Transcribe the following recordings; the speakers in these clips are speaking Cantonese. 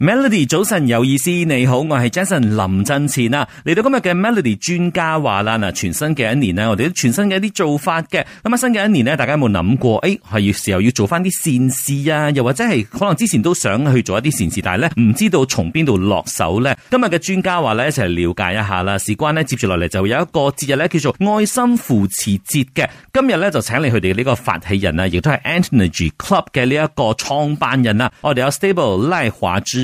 Melody 早晨有意思，你好，我係 Jason 林振前啊。嚟到今日嘅 Melody 專家話啦，嗱，全新嘅一年呢，我哋都全新嘅一啲做法嘅。咁啊，新嘅一年呢，大家有冇諗過？誒、哎，係要時候要做翻啲善事啊？又或者係可能之前都想去做一啲善事，但係呢，唔知道從邊度落手呢？今日嘅專家話呢，一齊了解一下啦。事關呢，接住落嚟就有一個節日呢，叫做愛心扶持節嘅。今日呢，就請嚟佢哋呢個發起人啊，亦都係 antNERGY Club 嘅呢一個創辦人啦。我哋有 Stable 賴華芝。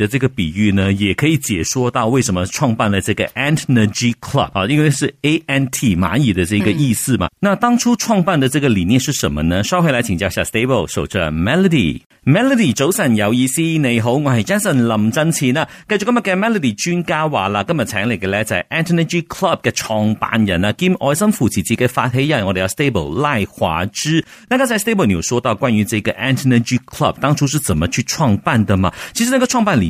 的這個比喻呢，也可以解說到為什麼創辦了這個 antNERGY Club 啊，因為是 A N T 螞蟻的這個意思嘛、嗯。那當初創辦的這個理念是什麼呢？稍微來請教一下 Stable 守着 Melody。Melody 早晨有意思，你好，我是 Jason 林真奇啊。跟住今日嘅 Melody 專家話啦，今日請嚟嘅咧就係 antNERGY Club 嘅創辦人啊，兼愛心扶持節發起人，我哋有 Stable 賴華芝。那剛才 Stable 你有說到關於這個 antNERGY Club 當初是怎麼去創辦的嘛？其實那個創辦理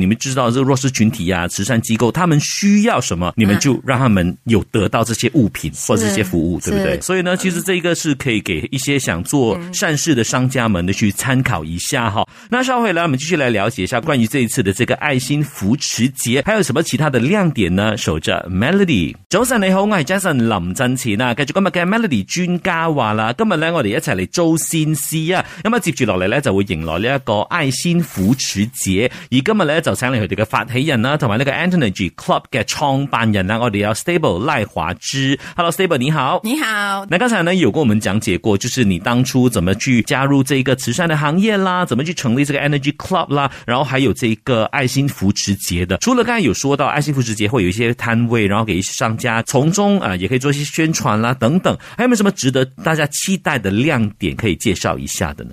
你們知道這個弱勢群體呀、啊，慈善機構他們需要什麼，你們就讓他們有得到這些物品或者這些服務，對不對？所以呢，其實這個是可以給一些想做善事的商家們呢去參考一下哈、嗯。那稍後回來，我們繼續來了解一下關於這一次的這個愛心扶持節還有什麼其他的亮點呢？守着 Melody，早晨你好，我係 Jason 林振前啊。跟住今日嘅 Melody 君家話啦，今日呢，我哋一齊嚟周先師啊，那啊接住落嚟呢，就會迎來呢一個愛心扶持節，而今日呢。就請嚟佢哋發起人呢，同埋呢個 antNERGY Club 嘅創辦人呢，我哋有 Stable 賴華芝，Hello Stable 你好，你好。那剛才呢，有跟我們講解過，就是你當初怎麼去加入這一個慈善的行業啦，怎麼去成立這個 antNERGY Club 啦，然後還有這一個愛心扶持節的。除了剛才有說到愛心扶持節會有一些攤位，然後給一些商家從中啊，也可以做一些宣傳啦等等，還有沒有什麼值得大家期待的亮點可以介紹一下的呢？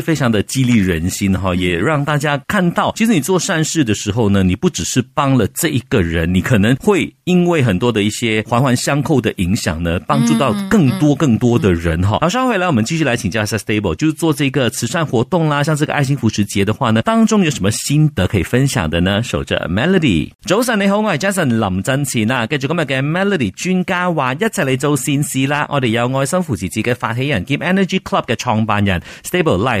非常的激勵人心哈，也讓大家看到，其實你做善事的時候呢，你不只是幫了這一個人，你可能會因為很多的一些環環相扣的影響呢，幫助到更多更多的人哈。好，稍後回來我們繼續來請教一下 stable，就是做這個慈善活動啦，像這個愛心扶持節的話呢，當中有什麼心得可以分享的呢？守着 Melody，早晨你好，我是 Jason 林真奇。那跟住今日嘅 Melody 專家話，一齊嚟做善事啦。我哋有愛心扶持節嘅發起人兼 antNERGY Club 嘅創辦人 Stable Lai。